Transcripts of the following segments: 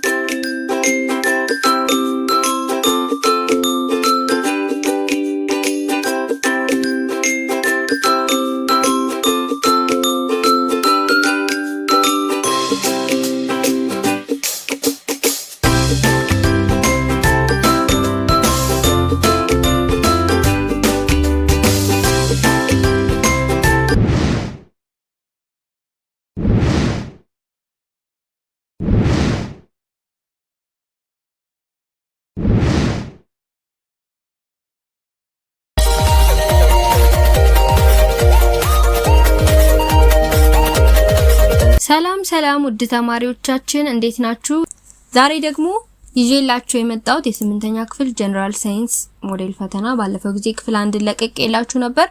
thank you ሰላም ውድ ተማሪዎቻችን እንዴት ናችሁ? ዛሬ ደግሞ ይዤላችሁ የመጣሁት የስምንተኛ ክፍል ጀነራል ሳይንስ ሞዴል ፈተና ባለፈው ጊዜ ክፍል አንድ ለቀቅ የላችሁ ነበር።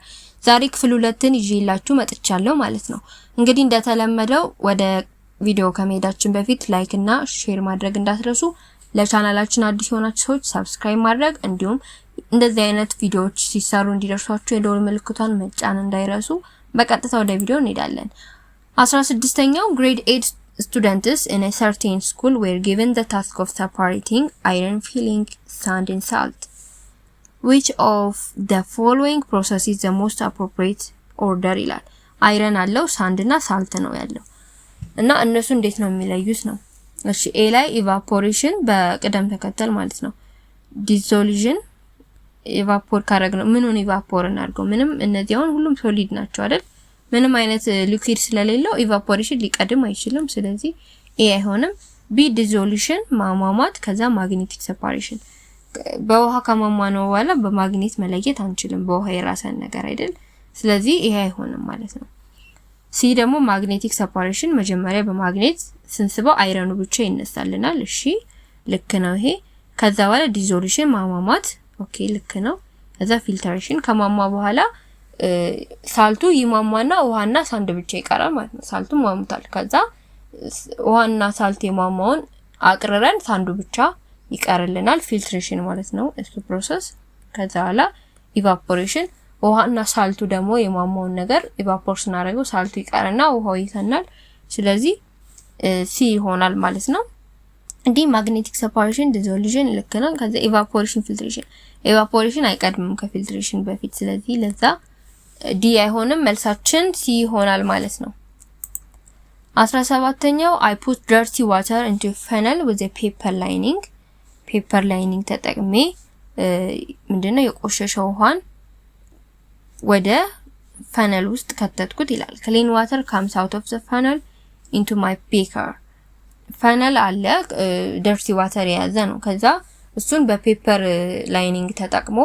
ዛሬ ክፍል ሁለትን ይዤላችሁ መጥቻለሁ ማለት ነው። እንግዲህ እንደተለመደው ወደ ቪዲዮ ከመሄዳችን በፊት ላይክ እና ሼር ማድረግ እንዳትረሱ። ለቻናላችን አዲስ የሆናችሁ ሰዎች ሰብስክራይብ ማድረግ እንዲሁም እንደዚህ አይነት ቪዲዮዎች ሲሰሩ እንዲደርሷችሁ የደወል ምልክቷን መጫን እንዳይረሱ። በቀጥታ ወደ ቪዲዮ እንሄዳለን። 16ኛው ግሬድ 8 students in a certain school were given the task of separating iron filling sand and salt which of the following process is the most appropriate order ይላል አይረን አለው ሳንድ እና ሳልት ነው ያለው እና እነሱ እንዴት ነው የሚለዩት ነው እሺ ኤ ላይ ኢቫፖሬሽን በቅደም ተከተል ማለት ነው ዲዞሉሽን ኢቫፖር ካረግ ነው ምኑን ኢቫፖር እናድርገው ምንም እነዚህ አሁን ሁሉም ሶሊድ ናቸው አይደል ምንም አይነት ሊኩዊድ uh, ስለሌለው ኢቫፖሬሽን ሊቀድም አይችልም። ስለዚህ ኤ አይሆንም። ቢ ዲዞሉሽን ማሟሟት፣ ከዛ ማግኔቲክ ሴፓሬሽን በውሃ ከማማ ነው በኋላ በማግኔት መለየት አንችልም። በውሃ የራሰን ነገር አይደል። ስለዚህ ይሄ አይሆንም ማለት ነው። ሲ ደግሞ ማግኔቲክ ሴፓሬሽን መጀመሪያ በማግኔት ስንስበው አይረኑ ብቻ ይነሳልናል። እሺ ልክ ነው ይሄ። ከዛ በኋላ ዲዞሉሽን ማሟሟት፣ ኦኬ ልክ ነው። ከዛ ፊልትሬሽን ከማማ በኋላ ሳልቱ ይሟሟና ውሃና ሳንድ ብቻ ይቀራል ማለት ነው። ሳልቱ ሟሙታል። ከዛ ውሃና ሳልት የሟሟውን አቅርረን ሳንዱ ብቻ ይቀርልናል። ፊልትሬሽን ማለት ነው እሱ ፕሮሰስ። ከዛ በኋላ ኢቫፖሬሽን፣ ውሃና ሳልቱ ደግሞ የሟሟውን ነገር ኢቫፖር ስናደርገው ሳልቱ ይቀርና ውሃው ይተናል። ስለዚህ ሲ ይሆናል ማለት ነው። እንዲህ ማግኔቲክ ሰፓሬሽን ዲዞሉሽን ልክ ነው። ከዛ ኢቫፖሬሽን፣ ፊልትሬሽን። ኢቫፖሬሽን አይቀድምም ከፊልትሬሽን በፊት ስለዚህ ለዛ ዲ አይሆንም፣ መልሳችን ሲ ይሆናል ማለት ነው። 17 17ኛው አይ ፑት ደርቲ ዋተር ኢንቱ ፈነል ዊዝ ፔፐር ላይኒንግ ፔፐር ላይኒንግ ተጠቅሜ ምንድነው የቆሸሸ ውሃን ወደ ፈነል ውስጥ ከተትኩት ይላል። ክሊን ዋተር ካምስ አውት ኦፍ ዘ ፈነል ኢንቱ ማይ ቤከር። ፈነል አለ ደርቲ ዋተር የያዘ ነው። ከዛ እሱን በፔፐር ላይኒንግ ተጠቅሞ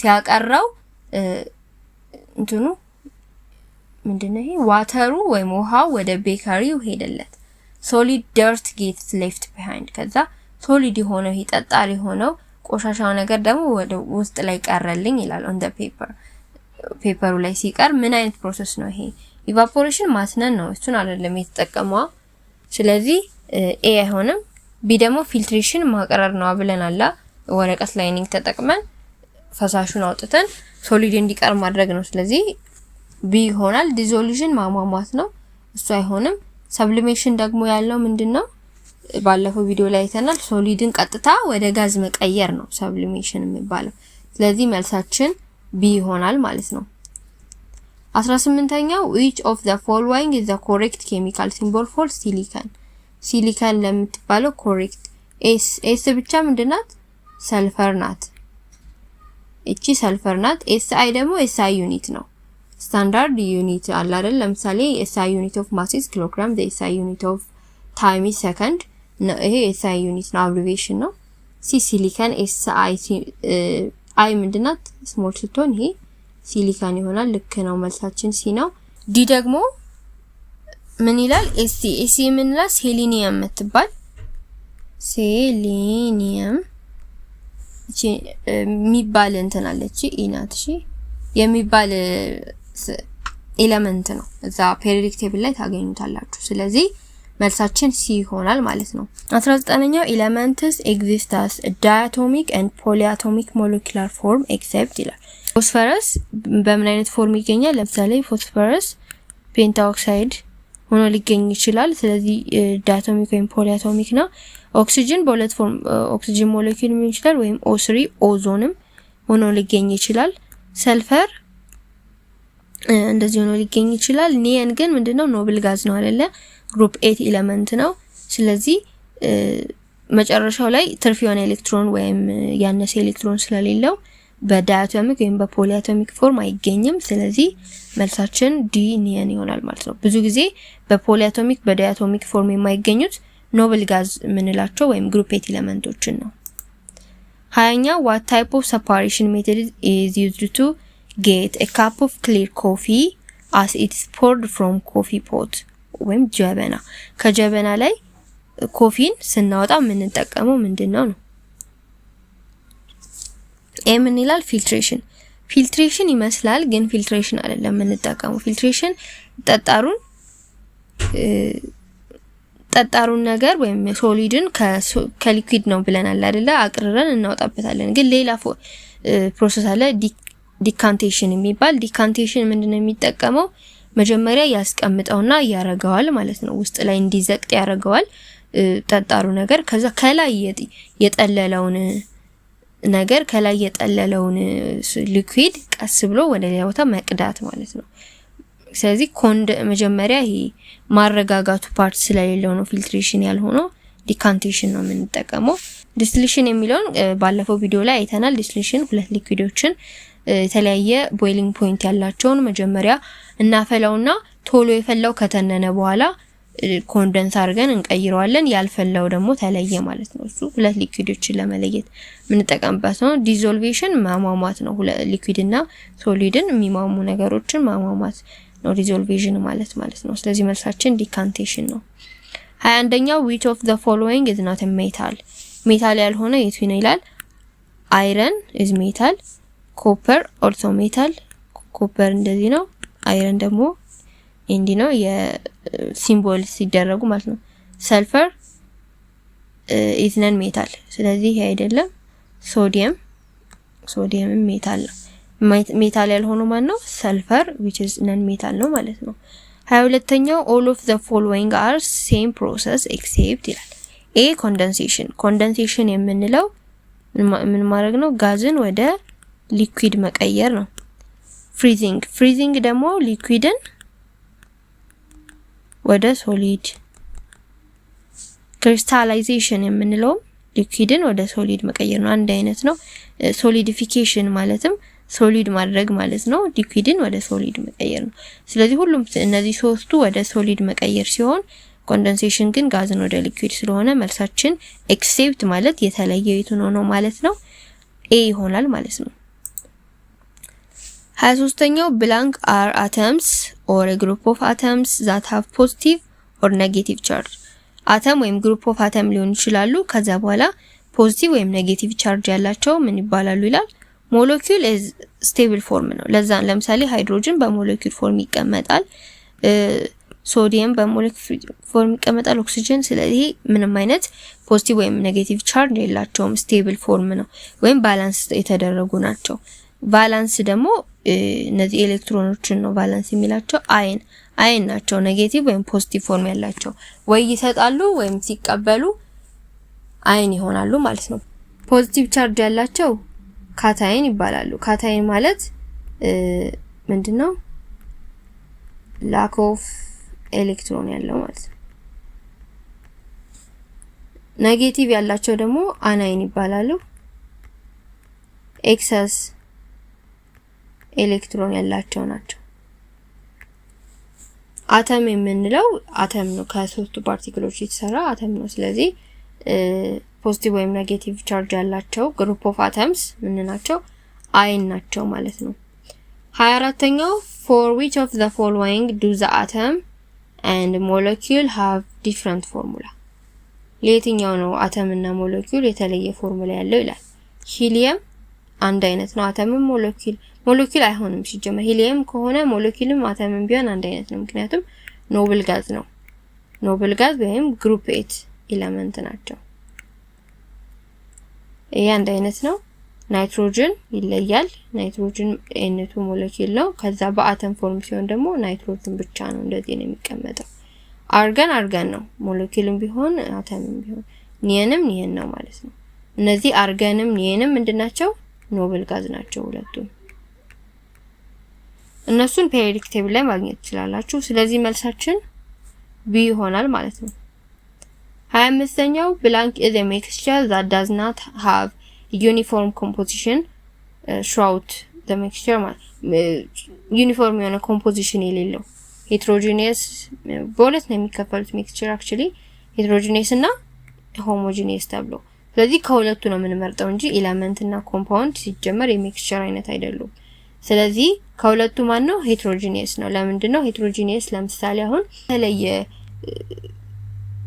ሲያቀረው እንትኑ ምንድነው ይሄ ዋተሩ ወይም ውሃው ወደ ቤከሪው ሄደለት። ሶሊድ ደርት ጌትስ ሌፍት ቢሃይንድ ከዛ ሶሊድ የሆነው ይሄ ጠጣር የሆነው ቆሻሻው ነገር ደግሞ ወደ ውስጥ ላይ ቀረልኝ ይላል። ኦን ዘ ፔፐር ፔፐሩ ላይ ሲቀር ምን አይነት ፕሮሰስ ነው ይሄ? ኢቫፖሬሽን ማስነን ነው። እሱን አይደለም የተጠቀመው። ስለዚህ ኤ አይሆንም። ቢ ደግሞ ፊልትሬሽን ማቅረር ነው ብለን አላ ወረቀት ላይኒንግ ተጠቅመን ፈሳሹን አውጥተን ሶሊድ እንዲቀር ማድረግ ነው። ስለዚህ ቢ ይሆናል። ዲዞሉሽን ማሟሟት ነው፣ እሱ አይሆንም። ሰብሊሜሽን ደግሞ ያለው ምንድን ነው? ባለፈው ቪዲዮ ላይ አይተናል። ሶሊድን ቀጥታ ወደ ጋዝ መቀየር ነው ሰብሊሜሽን የሚባለው። ስለዚህ መልሳችን ቢ ይሆናል ማለት ነው። 18ኛው which of the following is the correct chemical symbol for silicon ሲሊከን ለምትባለው ኮሬክት ኤስ ኤስ ብቻ ምንድናት? ሰልፈር ናት። እቺ ሰልፈር ናት። ኤስአይ ደግሞ ኤስአይ ዩኒት ነው። ስታንዳርድ ዩኒት አለ አይደል? ለምሳሌ ኤስአይ ዩኒት ኦፍ ማስ ኢዝ ኪሎግራም፣ ዘ ኤስአይ ዩኒት ኦፍ ታይም ኢዝ ሰከንድ። ይሄ ኤስአይ ዩኒት ነው፣ አብሪቬሽን ነው። ሲ ሲሊከን ኤስአይ አይ ምንድናት? ስሞል ስትሆን ይሄ ሲሊካን ይሆናል። ልክ ነው። መልሳችን ሲ ነው። ዲ ደግሞ ምን ይላል? ኤሲ ኤሲ የምንላት ሴሊኒየም የምትባል ሴሊኒየም እቺ የሚባል እንትን አለች ኢናት እሺ፣ የሚባል ኤለመንት ነው እዛ ፔሪዮዲክ ቴብል ላይ ታገኙታላችሁ። ስለዚህ መልሳችን ሲ ይሆናል ማለት ነው። 19ኛው ኤለመንትስ ኤግዚስታስ ዳያቶሚክ ኤንድ ፖሊአቶሚክ ሞለኪላር ፎርም ኤክሴፕት ይላል። ፎስፈረስ በምን አይነት ፎርም ይገኛል? ለምሳሌ ፎስፈረስ ፔንታኦክሳይድ ሆኖ ሊገኝ ይችላል። ስለዚህ ዳቶሚክ ወይም ፖሊአቶሚክ ነው። ኦክሲጅን በሁለት ፎርም ኦክሲጅን ሞለኪል ሊሆን ይችላል ወይም ኦስሪ ኦዞንም ሆኖ ሊገኝ ይችላል። ሰልፈር እንደዚህ ሆኖ ሊገኝ ይችላል። ኒየን ግን ምንድነው ኖብል ጋዝ ነው አይደለ? ግሩፕ ኤት ኤለመንት ነው። ስለዚህ መጨረሻው ላይ ትርፍ የሆነ ኤሌክትሮን ወይም ያነሰ ኤሌክትሮን ስለሌለው በዳያቶሚክ ወይም በፖሊያቶሚክ ፎርም አይገኝም። ስለዚህ መልሳችን ዲ ኒየን ይሆናል ማለት ነው። ብዙ ጊዜ በፖሊያቶሚክ በዳያቶሚክ ፎርም የማይገኙት ኖብል ጋዝ የምንላቸው ወይም ግሩፕ ኤት ኤለመንቶችን ነው። ሀያኛ ዋት ታይፕ ኦፍ ሰፓሬሽን ሜቶድ ኢዝ ዩዝድ ቱ ጌት ኤ ካፕ ኦፍ ክሊር ኮፊ አስ ኢትስ ፖርድ ፍሮም ኮፊ ፖት ወይም ጀበና ከጀበና ላይ ኮፊን ስናወጣ የምንጠቀመው ምንድን ነው ነው ኤ ምን ይላል? ፊልትሬሽን ፊልትሬሽን ይመስላል፣ ግን ፊልትሬሽን አይደለም የምንጠቀመው። ፊልትሬሽን ጠጣሩን ጠጣሩን ነገር ወይም ሶሊድን ከሊኩዊድ ነው ብለናል አይደለ? አቅርረን እናወጣበታለን። ግን ሌላ ፕሮሰስ አለ፣ ዲካንቴሽን የሚባል ዲካንቴሽን ምንድነው የሚጠቀመው? መጀመሪያ ያስቀምጠውና ያረገዋል ማለት ነው። ውስጥ ላይ እንዲዘቅጥ ያረገዋል ጠጣሩ ነገር። ከዛ ከላይ የጠለለውን ነገር ከላይ የጠለለውን ሊኩዊድ ቀስ ብሎ ወደ ሌላ ቦታ መቅዳት ማለት ነው። ስለዚህ ኮንድ መጀመሪያ ይሄ ማረጋጋቱ ፓርት ስለሌለው ነው ፊልትሬሽን ያልሆነው ዲካንቴሽን ነው የምንጠቀመው። ዲስሊሽን የሚለውን ባለፈው ቪዲዮ ላይ አይተናል። ዲስሊሽን ሁለት ሊኩዊዶችን የተለያየ ቦይሊንግ ፖይንት ያላቸውን መጀመሪያ እናፈላውና ቶሎ የፈላው ከተነነ በኋላ ኮንደንስ አድርገን እንቀይረዋለን። ያልፈላው ደግሞ ተለየ ማለት ነው። እሱ ሁለት ሊኩዶችን ለመለየት የምንጠቀምበት ነው። ዲዞልቬሽን ማሟሟት ነው። ሊኩዊድ እና ሶሊድን የሚሟሙ ነገሮችን ማሟሟት ነው ዲዞልቬሽን ማለት ማለት ነው። ስለዚህ መልሳችን ዲካንቴሽን ነው። ሀያ አንደኛው ዊች ኦፍ ዘ ፎሎዊንግ ኢዝ ናት ሜታል ሜታል ያልሆነ የቱ ነው ይላል። አይረን ኢዝ ሜታል፣ ኮፐር ኦልሶ ሜታል። ኮፐር እንደዚህ ነው። አይረን ደግሞ ኤንዲ ነው የሲምቦል ሲደረጉ ማለት ነው። ሰልፈር ኢዝ ነን ሜታል፣ ስለዚህ ይሄ አይደለም። ሶዲየም ሶዲየም ሜታል ነው። ሜታል ያልሆነ ማን ነው? ሰልፈር which is ነን ሜታል ነው ማለት ነው። ሀያ ሁለተኛው all of the following are same process except ይላል። ኤ ኮንደንሴሽን ኮንደንሴሽን የምንለው ምን ማድረግ ነው? ጋዝን ወደ ሊኩዊድ መቀየር ነው። ፍሪዚንግ ፍሪዚንግ ደግሞ ሊኩዊድን ወደ ሶሊድ ክሪስታላይዜሽን የምንለውም ሊኩዊድን ወደ ሶሊድ መቀየር ነው። አንድ አይነት ነው። ሶሊዲፊኬሽን ማለትም ሶሊድ ማድረግ ማለት ነው። ሊኩዊድን ወደ ሶሊድ መቀየር ነው። ስለዚህ ሁሉም እነዚህ ሶስቱ ወደ ሶሊድ መቀየር ሲሆን ኮንደንሴሽን ግን ጋዝን ወደ ሊኩዊድ ስለሆነ መልሳችን ኤክሴፕት ማለት የተለየ የቱ ነው ማለት ነው ኤ ይሆናል ማለት ነው። 23ኛው ብላንክ አር አተምስ ኦር ግሩፕ ኦፍ አተምስ ዛት ሃቭ ፖዚቲቭ ኦር ኔጌቲቭ ቻርጅ አተም ወይም ግሩፕ ኦፍ አተም ሊሆን ይችላሉ። ከዛ በኋላ ፖዚቲቭ ወይም ኔጌቲቭ ቻርጅ ያላቸው ምን ይባላሉ ይላል። ሞለኪል ኢዝ ስቴብል ፎርም ነው። ለዛ ለምሳሌ ሃይድሮጅን በሞለኪል ፎርም ይቀመጣል፣ ሶዲየም በሞለኪል ፎርም ይቀመጣል፣ ኦክሲጅን። ስለዚህ ምንም አይነት ፖዚቲቭ ወይም ኔጌቲቭ ቻርጅ የላቸውም፣ ስቴብል ፎርም ነው ወይም ባላንስ የተደረጉ ናቸው። ቫላንስ ደግሞ እነዚህ ኤሌክትሮኖችን ነው ቫላንስ የሚላቸው። አይን አይን ናቸው ኔጌቲቭ ወይም ፖዚቲቭ ፎርም ያላቸው ወይ ይሰጣሉ ወይም ሲቀበሉ አይን ይሆናሉ ማለት ነው። ፖዚቲቭ ቻርጅ ያላቸው ካታይን ይባላሉ። ካታይን ማለት ምንድነው? ላክ ኦፍ ኤሌክትሮን ያለው ማለት ነው። ኔጌቲቭ ያላቸው ደግሞ አናይን ይባላሉ። ኤክሰስ ኤሌክትሮን ያላቸው ናቸው። አተም የምንለው አተም ነው፣ ከሶስቱ ፓርቲክሎች የተሰራ አተም ነው። ስለዚህ ፖዚቲቭ ወይም ኔጌቲቭ ቻርጅ ያላቸው ግሩፕ ኦፍ አተምስ ምን ናቸው? አይን ናቸው ማለት ነው። ሀያ አራተኛው ፎር ዊች ኦፍ ዘ ፎሎዊንግ ዱ ዘ አተም ኤንድ ሞለኪል ሃቭ ዲፍረንት ፎርሙላ ለየትኛው ነው አተም እና ሞለኪል የተለየ ፎርሙላ ያለው ይላል። ሂሊየም አንድ አይነት ነው፣ አተምም ሞለኪል ሞለኪል አይሆንም። ሲጀመር ሂሊየም ከሆነ ሞለኪልም አተምም ቢሆን አንድ አይነት ነው። ምክንያቱም ኖብል ጋዝ ነው። ኖብል ጋዝ ወይም ግሩፕ ኤት ኤለመንት ናቸው። ይሄ አንድ አይነት ነው። ናይትሮጅን ይለያል። ናይትሮጅን ኤነቱ ሞለኪል ነው። ከዛ በአተም ፎርም ሲሆን ደግሞ ናይትሮጅን ብቻ ነው እንደዚህ ነው የሚቀመጠው። አርገን አርገን ነው ሞለኪልም ቢሆን አተምም ቢሆን ኒየንም ኒየን ነው ማለት ነው። እነዚህ አርገንም ኒየንም ምንድናቸው? ኖብል ጋዝ ናቸው ሁለቱም። እነሱን ፔሪዮዲክ ቴብል ላይ ማግኘት ትችላላችሁ። ስለዚህ መልሳችን ቢ ይሆናል ማለት ነው። ሀያ አምስተኛው ብላንክ ኢዝ ሚክስቸር ዛት ዳዝ ናት ሃቭ ዩኒፎርም ኮምፖዚሽን ሽራውት ዘ ሚክስቸር ማለት ዩኒፎርም uh, የሆነ ኮምፖዚሽን የሌለው ሄትሮጂኒየስ uh, በሁለት ነው የሚከፈሉት ሚክስቸር አክቹሊ ሄትሮጂኒየስ እና ሆሞጂኒየስ ተብሎ ስለዚህ ከሁለቱ ነው የምንመርጠው እንጂ ኤለመንት እና ኮምፓውንድ ሲጀመር የሚክስቸር አይነት አይደሉም። ስለዚህ ከሁለቱ ማን ነው ሄትሮጂኒየስ ነው። ለምንድን ነው ሄትሮጂኒየስ? ለምሳሌ አሁን የተለየ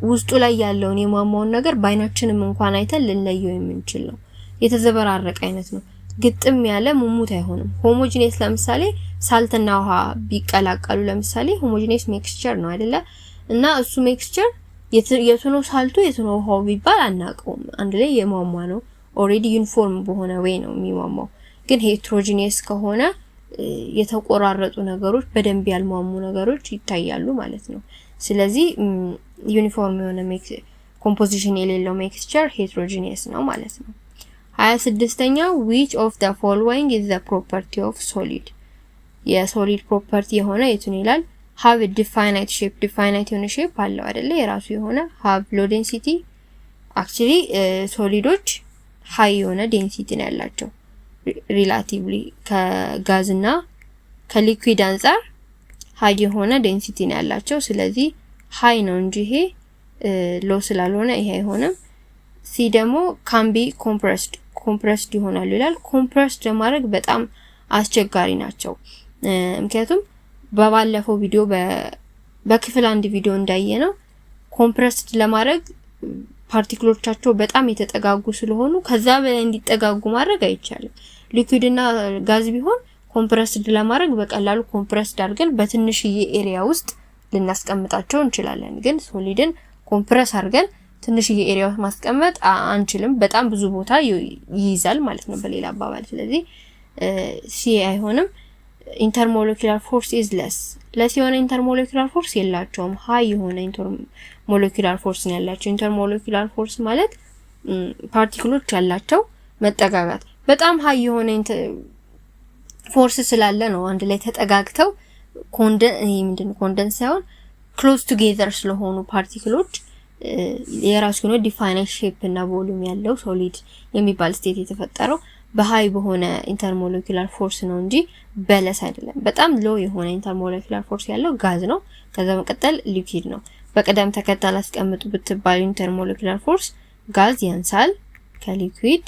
ውስጡ ላይ ያለውን የሟሟውን ነገር በአይናችንም እንኳን አይተን ልንለየው የምንችል ነው። የተዘበራረቀ አይነት ነው። ግጥም ያለ ሙሙት አይሆንም። ሆሞጂኒየስ ለምሳሌ ሳልትና ውሃ ቢቀላቀሉ ለምሳሌ ሆሞጂኒየስ ሜክስቸር ነው አይደለ? እና እሱ ሜክስቸር የቱ ነው ሳልቱ የቱ ነው ውሃው ቢባል አናውቀውም። አንድ ላይ የሟሟ ነው። ኦሬዲ ዩኒፎርም በሆነ ወይ ነው የሚሟሟው። ግን ሄትሮጂኒየስ ከሆነ የተቆራረጡ ነገሮች፣ በደንብ ያልሟሙ ነገሮች ይታያሉ ማለት ነው። ስለዚህ ዩኒፎርም የሆነ ኮምፖዚሽን የሌለው ሜክስቸር ሄትሮጂኒየስ ነው ማለት ነው። ሀያ ስድስተኛ ዊች ኦፍ ዘ ፎሎዊንግ ኢዝ ዘ ፕሮፐርቲ ኦፍ ሶሊድ የሶሊድ ፕሮፐርቲ የሆነ የቱን ይላል? ሀብ ዲፋይናይት ሼፕ ዲፋይናይት የሆነ ሼፕ አለው አይደለ? የራሱ የሆነ ሀብ ሎ ዴንሲቲ አክቹሊ ሶሊዶች ሀይ የሆነ ዴንሲቲ ነው ያላቸው። ሪላቲቭሊ ከጋዝና ከሊኩዊድ አንጻር ሀይ የሆነ ዴንሲቲ ነው ያላቸው። ስለዚህ ሀይ ነው እንጂ ይሄ ሎ ስላልሆነ ይሄ አይሆንም። ሲ ደግሞ ካምቢ ኮምፕረስድ ኮምፕረስድ ይሆናሉ ይላል። ኮምፕረስድ ለማድረግ በጣም አስቸጋሪ ናቸው። ምክንያቱም በባለፈው ቪዲዮ በክፍል አንድ ቪዲዮ እንዳየ ነው ኮምፕረስድ ለማድረግ ፓርቲክሎቻቸው በጣም የተጠጋጉ ስለሆኑ ከዛ በላይ እንዲጠጋጉ ማድረግ አይቻልም። ሊኩድ እና ጋዝ ቢሆን ኮምፕረስድ ለማድረግ በቀላሉ ኮምፕረስድ አድርገን በትንሽዬ ኤሪያ ውስጥ ልናስቀምጣቸው እንችላለን። ግን ሶሊድን ኮምፕረስ አድርገን ትንሽዬ ኤሪያ ውስጥ ማስቀመጥ አንችልም። በጣም ብዙ ቦታ ይይዛል ማለት ነው በሌላ አባባል። ስለዚህ ሲ አይሆንም። ኢንተርሞሌኩላር ፎርስ ኢዝ ለስ ለስ የሆነ ኢንተርሞሌኩላር ፎርስ የላቸውም። ሀይ የሆነ ኢንተርሞሌኩላር ፎርስ ነው ያላቸው። ኢንተርሞሌኩላር ፎርስ ማለት ፓርቲክሎች ያላቸው መጠጋጋት በጣም ሀይ የሆነ ፎርስ ስላለ ነው አንድ ላይ ተጠጋግተው ምንድን ኮንደንስ ሳይሆን ክሎዝ ቱጌዘር ስለሆኑ ፓርቲክሎች የራሱ የሆነ ዲፋይናይት ሼፕ እና ቮሉም ያለው ሶሊድ የሚባል ስቴት የተፈጠረው በሀይ በሆነ ኢንተርሞለኪላር ፎርስ ነው እንጂ በለስ አይደለም። በጣም ሎ የሆነ ኢንተርሞለኪላር ፎርስ ያለው ጋዝ ነው። ከዛ መቀጠል ሊኩድ ነው። በቅደም ተከተል አስቀምጡ ብትባሉ ኢንተርሞለኪላር ፎርስ ጋዝ ያንሳል ከሊኩድ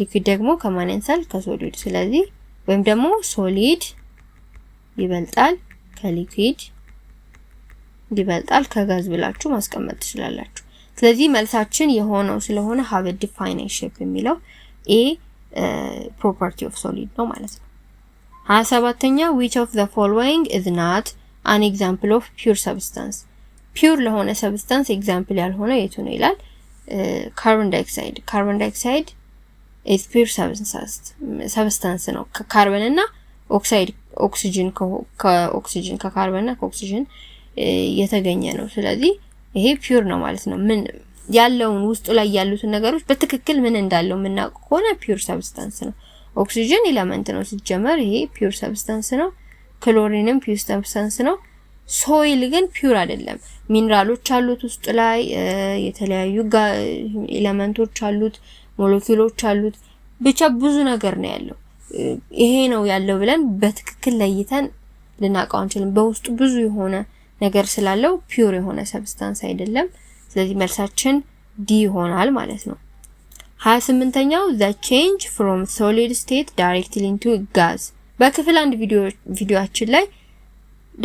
ሊኩድ ደግሞ ከማን ያንሳል? ከሶሊድ። ስለዚህ ወይም ደግሞ ሶሊድ ይበልጣል ከሊኩድ ይበልጣል ከጋዝ ብላችሁ ማስቀመጥ ትችላላችሁ። ስለዚህ መልሳችን የሆነው ስለሆነ have a definite shape የሚለው ኤ ፕሮፐርቲ ኦፍ ሶሊድ ነው ማለት ነው። 27ኛ which of the following is not an example of pure substance ፒውር ለሆነ ሰብስታንስ ኤግዛምፕል ያልሆነ የቱ ነው ይላል። ካርቦን ዳይኦክሳይድ ካርቦን ዳይኦክሳይድ ኤት ሰብስታንስ ነው ካርበን እና ኦክሳይድ ኦክሲጅን ከኦክሲጅን እና ከኦክሲጅን የተገኘ ነው። ስለዚህ ይሄ ፒውር ነው ማለት ነው። ምን ያለውን ውስጡ ላይ ያሉትን ነገሮች በትክክል ምን እንዳለው የምናውቅ ከሆነ ፒውር ሰብስታንስ ነው። ኦክሲጅን ኤለመንት ነው ሲጀመር፣ ይሄ ፒውር ሰብስታንስ ነው። ክሎሪንም ፒር ሰብስታንስ ነው። ሶይል ግን ፒውር አይደለም። ሚኒራሎች አሉት ውስጡ ላይ የተለያዩ ኤለመንቶች አሉት። ሞለኪሎች አሉት። ብቻ ብዙ ነገር ነው ያለው። ይሄ ነው ያለው ብለን በትክክል ለይተን ልናውቀው አንችልም። በውስጡ ብዙ የሆነ ነገር ስላለው ፒዩር የሆነ ሰብስታንስ አይደለም። ስለዚህ መልሳችን ዲ ይሆናል ማለት ነው። 28ኛው the ቼንጅ ፍሮም solid ስቴት directly into gas በክፍል አንድ ቪዲዮአችን ላይ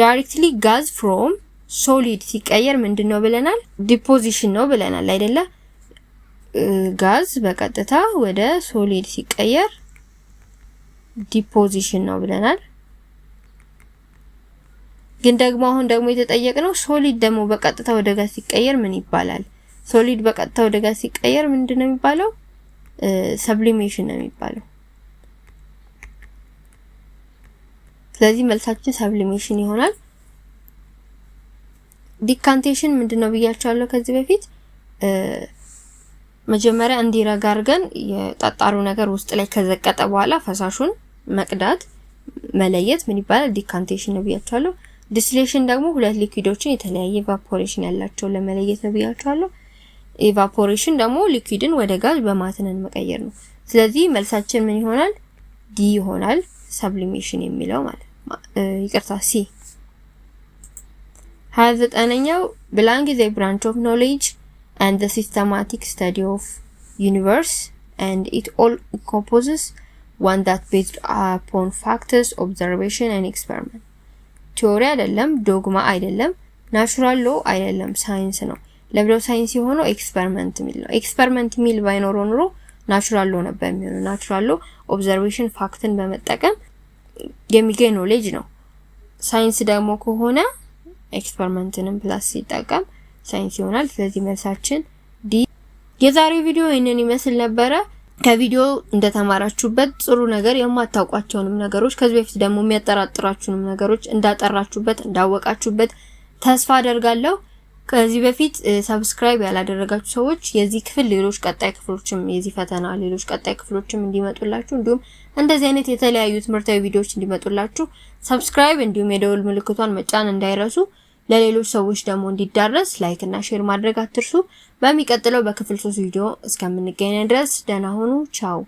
ዳይሬክትሊ ጋዝ ፍሮም ሶሊድ ሲቀየር ምንድን ነው ብለናል? ዲፖዚሽን ነው ብለናል አይደለ? ጋዝ በቀጥታ ወደ ሶሊድ ሲቀየር ዲፖዚሽን ነው ብለናል። ግን ደግሞ አሁን ደግሞ የተጠየቅነው ሶሊድ ደግሞ በቀጥታ ወደ ጋዝ ሲቀየር ምን ይባላል? ሶሊድ በቀጥታ ወደ ጋዝ ሲቀየር ምንድነው የሚባለው? ሰብሊሜሽን ነው የሚባለው። ስለዚህ መልሳችን ሰብሊሜሽን ይሆናል። ዲካንቴሽን ምንድነው ብያቸዋለሁ ከዚህ በፊት መጀመሪያ እንዲረጋ አድርገን የጠጣሩ ነገር ውስጥ ላይ ከዘቀጠ በኋላ ፈሳሹን መቅዳት መለየት ምን ይባላል? ዲካንቴሽን ነው ብያቸዋለሁ። ዲስሌሽን ደግሞ ሁለት ሊኩዶችን የተለያየ ኢቫፖሬሽን ያላቸው ለመለየት ነው ብያቸዋለሁ። ኢቫፖሬሽን ደግሞ ሊኩድን ወደ ጋዝ በማትነን መቀየር ነው። ስለዚህ መልሳችን ምን ይሆናል? ዲ ይሆናል። ሰብሊሜሽን የሚለው ማለት ይቅርታ፣ ሲ። ሀያ ብላንግ ዘ ብራንች ኦፍ ኖሌጅ and the systematic study of universe and it all composes one that based upon factors observation and experiment ቲዎሪ አይደለም ዶግማ አይደለም ናቹራል ሎ አይደለም ሳይንስ ነው ለብለው ሳይንስ የሆነው ኤክስፐሪመንት የሚል ነው ኤክስፐሪመንት የሚል ባይኖረው ኑሮ ናቹራል ሎ ነበር የሚሆነው ናቹራል ሎ ኦብዘርቬሽን ፋክትን በመጠቀም የሚገኝ ኖሌጅ ነው ሳይንስ ደግሞ ከሆነ ኤክስፐሪመንትንም ፕላስ ሲጠቀም ሳይንስ ይሆናል። ስለዚህ መልሳችን ዲ። የዛሬው ቪዲዮ ይህንን ይመስል ነበረ። ከቪዲዮ እንደተማራችሁበት ጥሩ ነገር የማታውቋቸውንም ነገሮች ከዚህ በፊት ደግሞ የሚያጠራጥራችሁንም ነገሮች እንዳጠራችሁበት እንዳወቃችሁበት ተስፋ አደርጋለሁ። ከዚህ በፊት ሰብስክራይብ ያላደረጋችሁ ሰዎች የዚህ ክፍል ሌሎች ቀጣይ ክፍሎችም የዚህ ፈተና ሌሎች ቀጣይ ክፍሎችም እንዲመጡላችሁ እንዲሁም እንደዚህ አይነት የተለያዩ ትምህርታዊ ቪዲዮዎች እንዲመጡላችሁ ሰብስክራይብ እንዲሁም የደውል ምልክቷን መጫን እንዳይረሱ። ለሌሎች ሰዎች ደግሞ እንዲዳረስ ላይክ እና ሼር ማድረግ አትርሱ። በሚቀጥለው በክፍል ሶስት ቪዲዮ እስከምንገናኝ ድረስ ደህና ሆኑ። ቻው